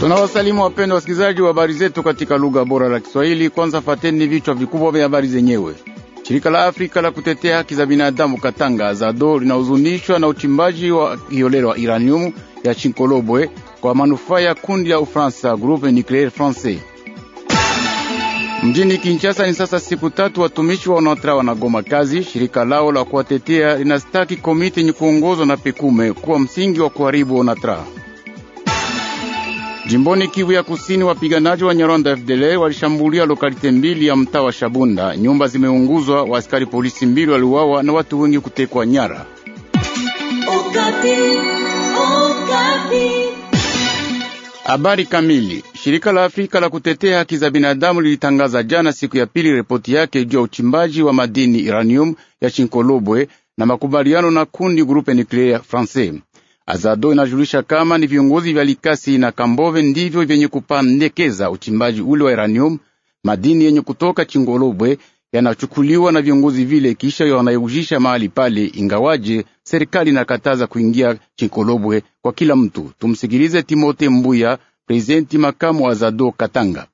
Tunawasalimu wapendwa wasikilizaji wa habari zetu katika lugha bora la Kiswahili. Kwanza fateni vichwa vikubwa vya habari zenyewe. Shirika la Afrika la kutetea haki za binadamu Katanga Azado linahuzunishwa na uchimbaji wa kiolelo wa iranium ya Chinkolobwe kwa manufaa ya kundi ya Ufaransa Groupe Nucleaire Francais. Mjini Kinshasa ni sasa siku tatu watumishi wa Onatra wanagoma kazi. Shirika lao la kuwatetea linastaki komiti yenye kuongozwa na Pekume kuwa msingi wa kuharibu Onatra. Jimboni Kivu ya Kusini, wapiganaji wa Nyarwanda FDL walishambulia lokalite mbili ya mtaa wa Shabunda. Nyumba zimeunguzwa, waaskari polisi mbili waliuawa na watu wengi kutekwa nyara. Habari kamili. Shirika la Afrika la kutetea haki za binadamu lilitangaza jana siku ya pili ripoti yake juu ya uchimbaji wa madini iranium ya Chinkolobwe na makubaliano na kundi Grupe Nucleaire Francais. Azado inajulisha kama ni viongozi vya Likasi na Kambove ndivyo vyenye kupandekeza uchimbaji ule wa uranium, madini yenye kutoka Chingolobwe yanachukuliwa na viongozi vile, kisha yanayujisha mahali pale, ingawaje serikali inakataza kuingia Chingolobwe kwa kila mtu. Tumsikilize Timote Mbuya, prezidenti makamu wa Azado Katanga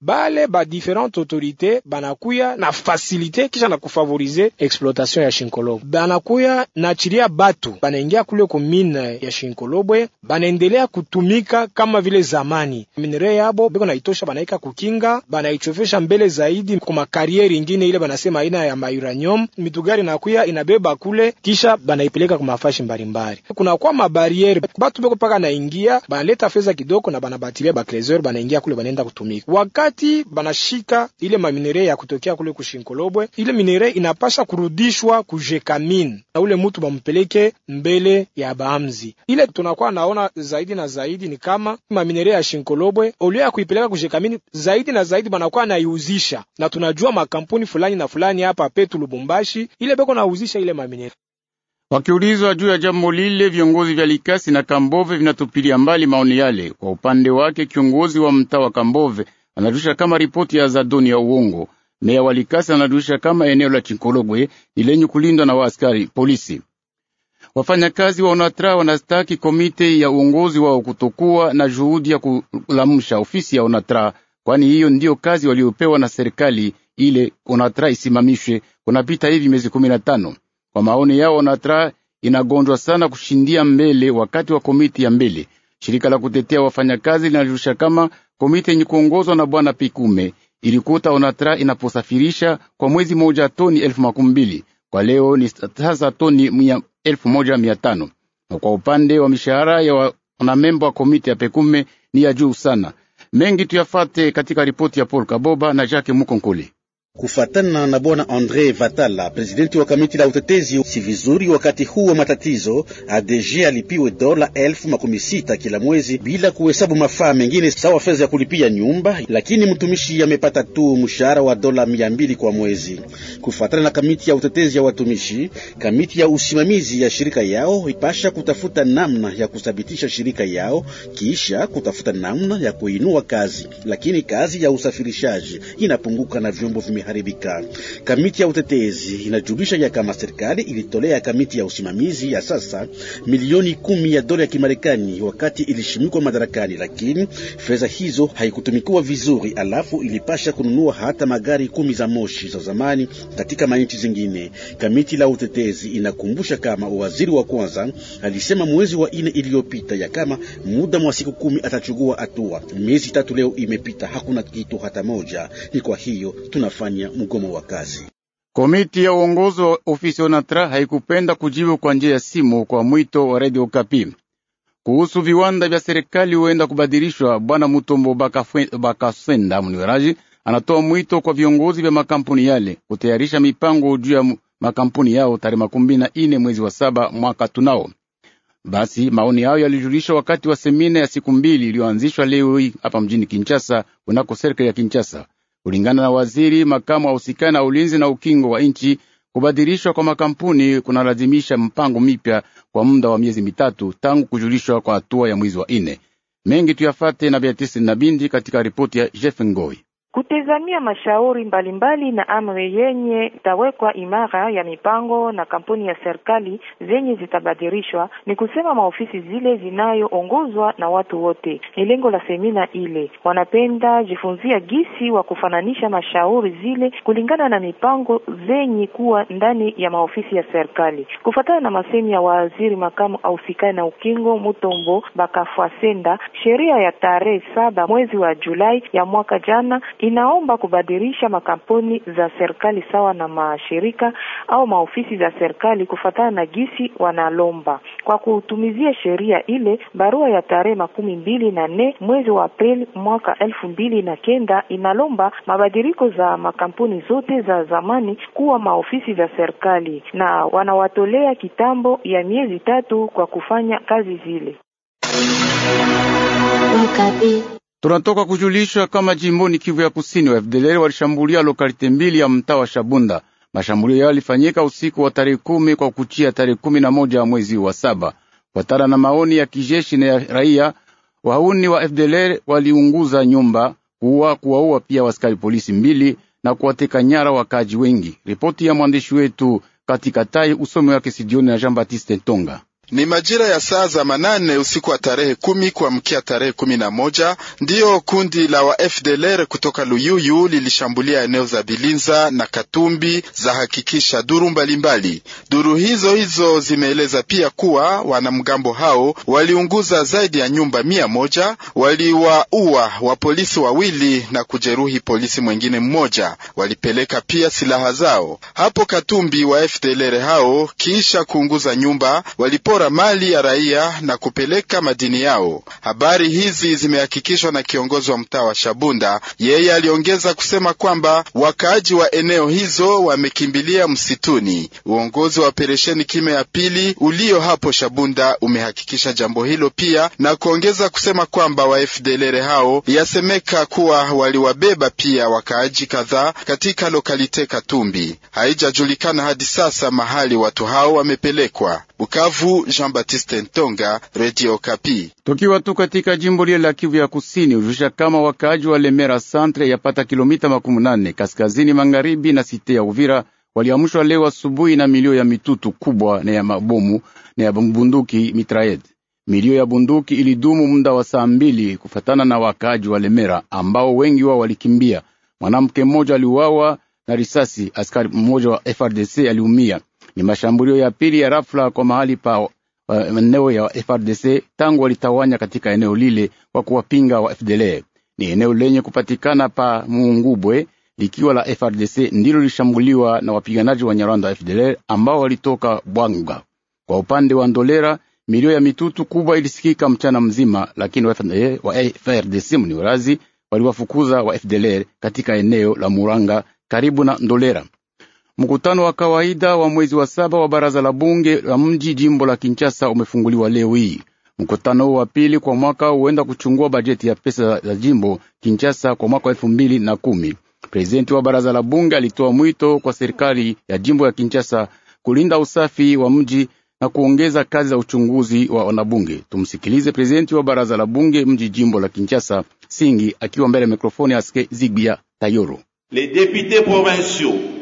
bale ba differente autorité banakuya na fasilite kisha na kufavorize exploitation ya shinkolobwe banakuya na chiria batu banaingia kule kumine ya Shinkolobwe, banaendelea kutumika kama vile zamani. Minere yabo beko naitosha, banaika kukinga, banaichofesha mbele zaidi kumakarieri ingine ile banasema aina ya mauranium. Mitugari nakuya inabeba kule, kisha banaipeleka mafashi mbalimbali. Kunakuwa mabarieri, batu beko paka naingia banaleta feza kidogo na banabatilia bakleseur, banaingia kule banaenda kutumika Waka wakati banashika ile maminere ya kutokea kule kushinkolobwe, ile minere inapasha kurudishwa kujekamin na ule mutu bampeleke mbele ya baamzi. Ile tunakuwa naona zaidi na zaidi ni kama maminere ya shinkolobwe olio ya kuipeleka kujekamin zaidi na zaidi banakuwa naiuzisha, na tunajua makampuni fulani na fulani hapa petu Lubumbashi ile beko nauzisha ile maminere. Wakiulizwa juu ya jambo lile, viongozi vya Likasi na Kambove vinatupilia mbali maoni yale. Kwa upande wake, kiongozi wa mtaa wa Kambove anadusha kama ripoti ya zadoni ya uongo. Meya wa Likasi anajulisha kama eneo la Chinkologwe ni lenye kulindwa na waaskari polisi. Wafanyakazi wa ONATRA wanastaki komite ya uongozi wao kutokuwa na juhudi ya kulamsha ofisi ya ONATRA, kwani hiyo ndiyo kazi waliopewa na serikali ile ONATRA isimamishwe. Kunapita hivi miezi kumi na tano. Kwa maoni yao, ONATRA inagonjwa sana kushindia mbele wakati wa komiti ya mbele. Shirika la kutetea wafanyakazi linajusha kama Komite yenye kuongozwa na bwana Pikume ilikuta Onatra inaposafirisha kwa mwezi moja toni elfu makumi mbili kwa leo ni sasa toni elfu moja mia tano na kwa upande wa mishahara ya wanamemba wa komite ya Pekume ni ya juu sana. Mengi tuyafate katika ripoti ya Paul Kaboba na Jacques Mukonkoli. Kufatana na bwana Andre Vatala, presidenti wa kamiti la utetezi, si vizuri wakati huu wa matatizo ADG alipiwe dola elfu makumi sita kila mwezi bila kuhesabu mafaa mengine sawa fedha ya kulipia nyumba, lakini mtumishi amepata tu mshahara wa dola mia mbili kwa mwezi. Kufatana na kamiti ya utetezi ya watumishi, kamiti ya usimamizi ya shirika yao ipasha kutafuta namna ya kuthabitisha shirika yao, kisha kutafuta namna ya kuinua kazi, lakini kazi ya usafirishaji inapunguka na vyombo vime yanaharibika. Kamiti ya utetezi inajulisha ya kama serikali ilitolea kamiti ya usimamizi ya sasa milioni kumi ya dola ya Kimarekani wakati ilishimikwa madarakani, lakini fedha hizo haikutumikiwa vizuri, alafu ilipasha kununua hata magari kumi za moshi za zamani katika manchi zingine. Kamiti la utetezi inakumbusha kama waziri wa kwanza alisema mwezi wa ine iliyopita ya kama muda mwa siku kumi atachukua hatua. Miezi tatu leo imepita, hakuna kitu hata moja. Ni kwa hiyo tunafanya kufanya mgomo wa kazi. Komiti ya uongozi wa ofisi Onatra haikupenda kujibu kwa njia ya simu kwa mwito wa radio Kapi kuhusu viwanda vya serikali huenda kubadilishwa. Bwana Mutombo Bakasenda mniweraji anatoa mwito kwa viongozi vya makampuni yale kutayarisha mipango juu ya makampuni yao tarehe makumi na ine mwezi wa saba mwaka tunao. Basi maoni hayo yalijulishwa wakati wa semina ya siku mbili iliyoanzishwa leo hii hapa mjini Kinshasa kunako serikali ya Kinshasa. Kulingana na waziri makamu ahusikaye na ulinzi na ukingo wa nchi, kubadilishwa kwa makampuni kunalazimisha mpango mipya kwa muda wa miezi mitatu tangu kujulishwa kwa hatua ya mwezi wa ine. Mengi tuyafate na Beatrice Nabindi katika ripoti ya Jeff Ngoi kutezamia mashauri mbalimbali na amri yenye itawekwa imara ya mipango na kampuni ya serikali zenye zitabadilishwa, ni kusema maofisi zile zinayoongozwa na watu wote. Ni lengo la semina ile, wanapenda jifunzia gisi wa kufananisha mashauri zile kulingana na mipango zenye kuwa ndani ya maofisi ya serikali, kufuatana na masemi ya waziri makamu ausikai na ukingo Mutombo Bakafwasenda. Sheria ya tarehe saba mwezi wa Julai ya mwaka jana inaomba kubadilisha makampuni za serikali sawa na mashirika au maofisi za serikali kufuatana na gisi wanalomba kwa kutumizia sheria ile. Barua ya tarehe makumi mbili na nne mwezi wa Aprili mwaka elfu mbili na kenda inalomba mabadiliko za makampuni zote za zamani kuwa maofisi za serikali na wanawatolea kitambo ya miezi tatu kwa kufanya kazi zile. Tunatoka kujulishwa kama jimboni Kivu ya Kusini wa FDLR walishambulia lokalite mbili ya mtaa wa Shabunda. Mashambulio yao yalifanyika usiku wa tarehe kumi kwa kuchia tarehe kumi na moja ya mwezi wa saba. Watara na maoni ya kijeshi na ya raia, wauni wa FDLR waliunguza nyumba, kuua, kuwaua pia waskari polisi mbili na kuwateka nyara wakaji wengi. Ripoti ya mwandishi wetu katika Tai usomi wake Sidioni na Jean Batiste Ntonga. Ni majira ya saa za manane usiku wa tarehe kumi kuamkia tarehe kumi na moja ndiyo kundi la wa FDLR kutoka Luyuyu lilishambulia eneo za Bilinza na Katumbi, za hakikisha duru mbalimbali mbali. Duru hizo hizo zimeeleza pia kuwa wanamgambo hao waliunguza zaidi ya nyumba mia moja, waliwaua wa polisi wawili na kujeruhi polisi mwengine mmoja, walipeleka pia silaha zao hapo Katumbi. Wa FDLR hao kisha kuunguza nyumba walipo kupora mali ya raia na kupeleka madini yao. Habari hizi zimehakikishwa na kiongozi wa mtaa wa Shabunda. Yeye aliongeza kusema kwamba wakaaji wa eneo hizo wamekimbilia msituni. Uongozi wa operesheni kime ya pili ulio hapo Shabunda umehakikisha jambo hilo pia na kuongeza kusema kwamba waefdelere hao yasemeka kuwa waliwabeba pia wakaaji kadhaa katika lokalite Katumbi. Haijajulikana hadi sasa mahali watu hao wamepelekwa. Bukavu, Jean-Baptiste Ntonga, Radio Kapi. Tukiwa tu katika jimbo lile la Kivu ya Kusini, hujusha kama wakaaji wa Lemera Centre yapata kilomita makumi nane kaskazini magharibi na site ya Uvira waliamshwa leo asubuhi na milio ya mitutu kubwa na ya mabomu na ya bunduki mitraed. Milio ya bunduki ilidumu muda wa saa mbili kufatana na wakaaji wa Lemera ambao wengi wao walikimbia. Mwanamke mmoja aliuawa na risasi, askari mmoja wa FRDC aliumia. Ni mashambulio ya pili ya rafla kwa mahali pa uh, eneo ya FRDC tangu walitawanya katika eneo lile kwa kuwapinga wa FDLR. Ni eneo lenye kupatikana pa Mungubwe likiwa la FRDC ndilo lilishambuliwa na wapiganaji wa Nyarwanda wa FDLR ambao walitoka Bwanga. Kwa upande wa Ndolera, milio ya mitutu kubwa ilisikika mchana mzima, lakini wa FRDC mniurazi waliwafukuza wa FDLR katika eneo la Muranga karibu na Ndolera. Mkutano wa kawaida wa mwezi wa saba wa baraza la bunge la mji jimbo la Kinshasa umefunguliwa leo hii. Mkutano wa pili kwa mwaka huenda kuchungua bajeti ya pesa za jimbo Kinshasa kwa mwaka wa elfu mbili na kumi. Prezidenti wa baraza la bunge alitoa mwito kwa serikali ya jimbo ya Kinshasa kulinda usafi wa mji na kuongeza kazi za uchunguzi wa wanabunge. Tumsikilize prezidenti wa baraza la bunge mji jimbo la Kinshasa Singi akiwa mbele ya mikrofoni ya Zigbia Tayoro. Les députés provinciaux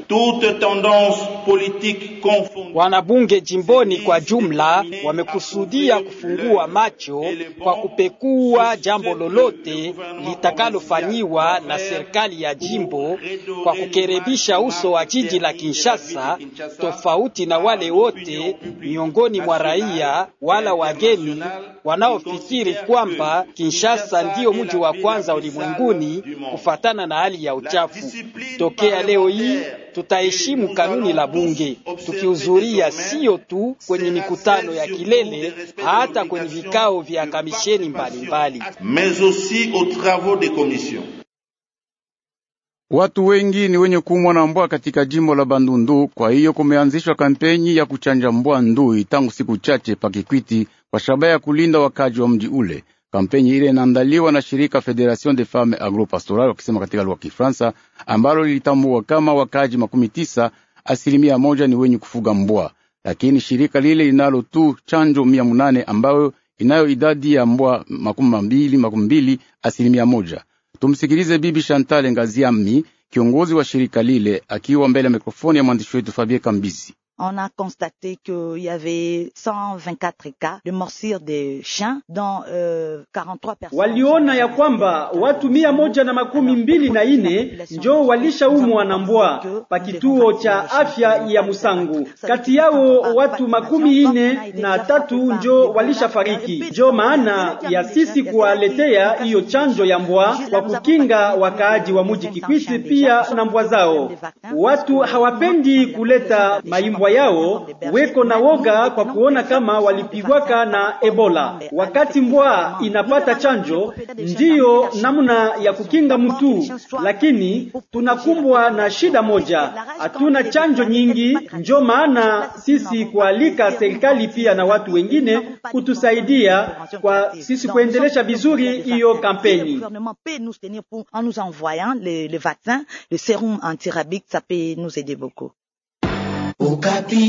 Wanabunge jimboni kwa jumla wamekusudia kufungua macho kwa kupekua jambo lolote litakalofanyiwa na serikali ya jimbo kwa kukerebisha uso wa jiji la Kinshasa, tofauti na wale wote miongoni mwa raia wala wageni wanaofikiri kwamba Kinshasa ndiyo mji wa kwanza ulimwenguni kufatana na hali ya uchafu tokea leo hii tutaheshimu kanuni la bunge tukihudhuria sio tu kwenye mikutano ya kilele, hata kwenye vikao vya kamisheni mbalimbali. Watu wengi ni wenye kumwa na mbwa katika jimbo la Bandundu. Kwa hiyo kumeanzishwa kampeni ya kuchanja mbwa ndui tangu siku chache pakikwiti kwa shabaha ya kulinda wakaji wa mji ule. Kampeni ile inaandaliwa na shirika Federation de Femmes Agropastoral, wakisema katika lugha Kifransa, ambalo lilitambua kama wakaji makumi tisa asilimia moja ni wenye kufuga mbwa, lakini shirika lile linalo tu chanjo mia munane ambayo inayo idadi ya mbwa makumi mbili makumi mbili asilimia moja. Tumsikilize Bibi Chantal Ngaziami, kiongozi wa shirika lile, akiwa mbele ya mikrofoni ya mwandishi wetu Fabien Kambizi on a constaté qu'il y avait 124 cas de morsure de chiens dont euh, 43 personnes. Waliona ya kwamba watu mia moja na makumi mbili na ine njo walishaumwa na mbwa pa kituo cha afya ya Musangu. Kati yao watu makumi ine na tatu njo fariki Njo maana ya sisi kuwaletea hiyo chanjo ya mbwa kwa kukinga wakaaji wa muji Kikwiti pia na mbwa zao. Watu hawapendi kuleta maimbwa mapigwa yao, weko na woga kwa kuona kama walipigwaka na Ebola. Wakati mbwa inapata chanjo, ndiyo namna ya kukinga mtu, lakini tunakumbwa na shida moja, hatuna chanjo nyingi. Ndio maana sisi kualika serikali pia na watu wengine kutusaidia kwa sisi kuendelesha vizuri hiyo kampeni. le, le vaccin, le sérum antirabique, ça peut nous aider beaucoup. Okapi.